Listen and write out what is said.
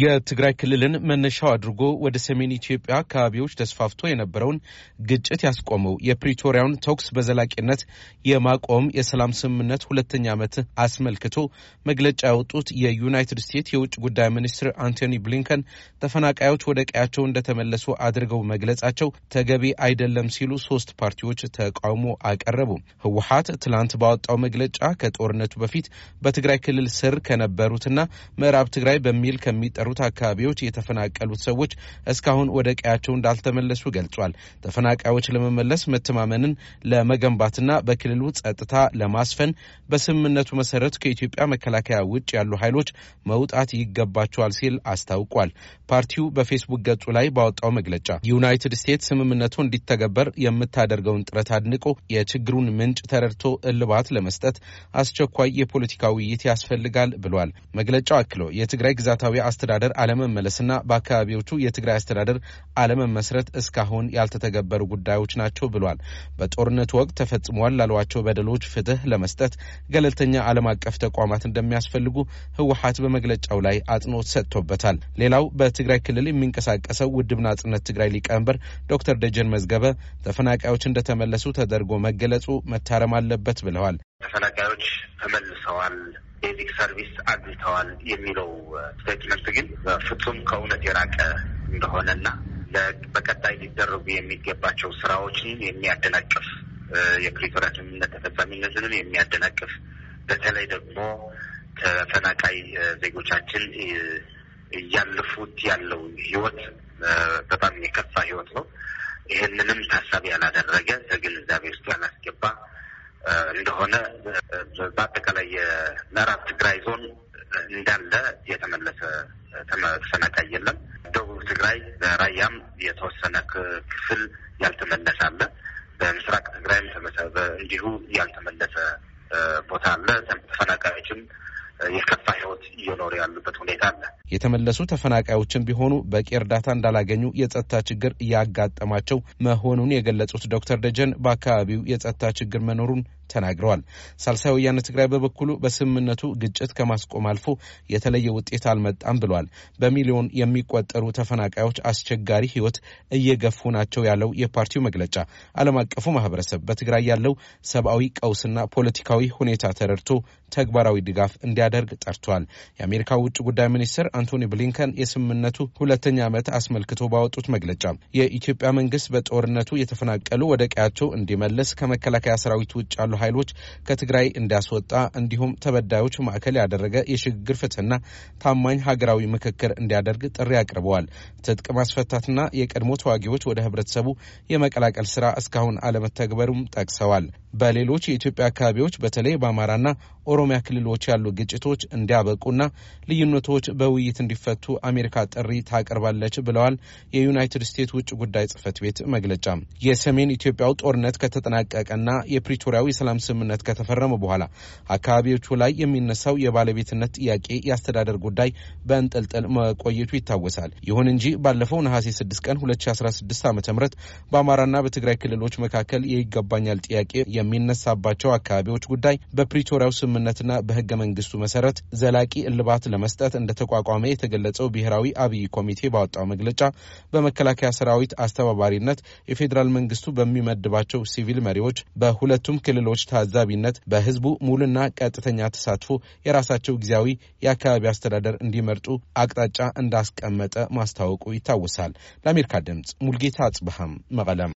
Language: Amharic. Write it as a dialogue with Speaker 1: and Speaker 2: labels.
Speaker 1: የትግራይ ክልልን መነሻው አድርጎ ወደ ሰሜን ኢትዮጵያ አካባቢዎች ተስፋፍቶ የነበረውን ግጭት ያስቆመው የፕሪቶሪያውን ተኩስ በዘላቂነት የማቆም የሰላም ስምምነት ሁለተኛ ዓመት አስመልክቶ መግለጫ ያወጡት የዩናይትድ ስቴትስ የውጭ ጉዳይ ሚኒስትር አንቶኒ ብሊንከን ተፈናቃዮች ወደ ቀያቸው እንደተመለሱ አድርገው መግለጻቸው ተገቢ አይደለም ሲሉ ሶስት ፓርቲዎች ተቃውሞ አቀረቡ። ህወሀት ትላንት ባወጣው መግለጫ ከጦርነቱ በፊት በትግራይ ክልል ስር ከነበሩትና ምዕራብ ትግራይ በሚል ከሚ ከተፈጠሩት አካባቢዎች የተፈናቀሉት ሰዎች እስካሁን ወደ ቀያቸው እንዳልተመለሱ ገልጿል። ተፈናቃዮች ለመመለስ መተማመንን ለመገንባትና በክልሉ ጸጥታ ለማስፈን በስምምነቱ መሰረት ከኢትዮጵያ መከላከያ ውጭ ያሉ ኃይሎች መውጣት ይገባቸዋል ሲል አስታውቋል። ፓርቲው በፌስቡክ ገጹ ላይ ባወጣው መግለጫ ዩናይትድ ስቴትስ ስምምነቱ እንዲተገበር የምታደርገውን ጥረት አድንቆ የችግሩን ምንጭ ተረድቶ እልባት ለመስጠት አስቸኳይ የፖለቲካ ውይይት ያስፈልጋል ብሏል። መግለጫው አክሎ የትግራይ ግዛታዊ አስተ አስተዳደር አለመመለስና በአካባቢዎቹ የትግራይ አስተዳደር አለመመስረት እስካሁን ያልተተገበሩ ጉዳዮች ናቸው ብሏል። በጦርነቱ ወቅት ተፈጽሟል ላሏቸው በደሎች ፍትህ ለመስጠት ገለልተኛ ዓለም አቀፍ ተቋማት እንደሚያስፈልጉ ህወሀት በመግለጫው ላይ አጽንኦት ሰጥቶበታል። ሌላው በትግራይ ክልል የሚንቀሳቀሰው ውድብ ናጽነት ትግራይ ሊቀመንበር ዶክተር ደጀን መዝገበ ተፈናቃዮች እንደተመለሱ ተደርጎ መገለጹ መታረም አለበት ብለዋል።
Speaker 2: ተፈናቃዮች ተመልሰዋል፣ ቤዚክ ሰርቪስ አግኝተዋል የሚለው ስቴትመንት ግን ፍጹም ከእውነት የራቀ እንደሆነና በቀጣይ ሊደረጉ የሚገባቸው ስራዎችን የሚያደናቅፍ የፕሪቶሪያ ስምምነት ተፈጻሚነትንም የሚያደናቅፍ በተለይ ደግሞ ተፈናቃይ ዜጎቻችን እያለፉት ያለው ህይወት በጣም የከፋ ህይወት ነው። ይህንንም ታሳቢ ያላደረገ በግል ስለሆነ በአጠቃላይ የምዕራብ ትግራይ ዞን እንዳለ የተመለሰ ተፈናቃይ የለም። ደቡብ ትግራይ በራያም የተወሰነ ክፍል ያልተመለሰ አለ። በምስራቅ ትግራይም እንዲሁ ያልተመለሰ
Speaker 1: ቦታ አለ። ተፈናቃዮችም የከፋ ህይወት እየኖሩ ያሉበት ሁኔታ አለ። የተመለሱ ተፈናቃዮችን ቢሆኑ በቂ እርዳታ እንዳላገኙ የጸጥታ ችግር እያጋጠማቸው መሆኑን የገለጹት ዶክተር ደጀን በአካባቢው የጸጥታ ችግር መኖሩን ተናግረዋል። ሳልሳይ ወያነ ትግራይ በበኩሉ በስምምነቱ ግጭት ከማስቆም አልፎ የተለየ ውጤት አልመጣም ብሏል። በሚሊዮን የሚቆጠሩ ተፈናቃዮች አስቸጋሪ ህይወት እየገፉ ናቸው ያለው የፓርቲው መግለጫ ዓለም አቀፉ ማህበረሰብ በትግራይ ያለው ሰብአዊ ቀውስና ፖለቲካዊ ሁኔታ ተረድቶ ተግባራዊ ድጋፍ እንዲያደ እንዲያደርግ ጠርቷል። የአሜሪካ ውጭ ጉዳይ ሚኒስትር አንቶኒ ብሊንከን የስምምነቱ ሁለተኛ ዓመት አስመልክቶ ባወጡት መግለጫ የኢትዮጵያ መንግስት በጦርነቱ የተፈናቀሉ ወደ ቀያቸው እንዲመለስ ከመከላከያ ሰራዊት ውጭ ያሉ ኃይሎች ከትግራይ እንዲያስወጣ እንዲሁም ተበዳዮች ማዕከል ያደረገ የሽግግር ፍትህና ታማኝ ሀገራዊ ምክክር እንዲያደርግ ጥሪ አቅርበዋል። ትጥቅ ማስፈታትና የቀድሞ ተዋጊዎች ወደ ህብረተሰቡ የመቀላቀል ስራ እስካሁን አለመተግበሩም ጠቅሰዋል። በሌሎች የኢትዮጵያ አካባቢዎች በተለይ በአማራና ኦሮሚያ ክልሎች ያሉ ግጭቶች እንዲያበቁና ልዩነቶች በውይይት እንዲፈቱ አሜሪካ ጥሪ ታቀርባለች ብለዋል የዩናይትድ ስቴትስ ውጭ ጉዳይ ጽህፈት ቤት መግለጫ። የሰሜን ኢትዮጵያው ጦርነት ከተጠናቀቀና የፕሪቶሪያው የሰላም ስምምነት ከተፈረመ በኋላ አካባቢዎቹ ላይ የሚነሳው የባለቤትነት ጥያቄ የአስተዳደር ጉዳይ በእንጥልጥል መቆየቱ ይታወሳል። ይሁን እንጂ ባለፈው ነሐሴ 6 ቀን 2016 ዓ ም በአማራና በትግራይ ክልሎች መካከል የይገባኛል ጥያቄ የሚነሳባቸው አካባቢዎች ጉዳይ በፕሪቶሪያው ስምምነት ስምምነትና በህገ መንግስቱ መሰረት ዘላቂ እልባት ለመስጠት እንደተቋቋመ የተገለጸው ብሔራዊ አብይ ኮሚቴ ባወጣው መግለጫ በመከላከያ ሰራዊት አስተባባሪነት የፌዴራል መንግስቱ በሚመድባቸው ሲቪል መሪዎች በሁለቱም ክልሎች ታዛቢነት በህዝቡ ሙሉና ቀጥተኛ ተሳትፎ የራሳቸው ጊዜያዊ የአካባቢ አስተዳደር እንዲመርጡ አቅጣጫ እንዳስቀመጠ ማስታወቁ ይታወሳል። ለአሜሪካ ድምጽ ሙልጌታ አጽብሃም መቀለም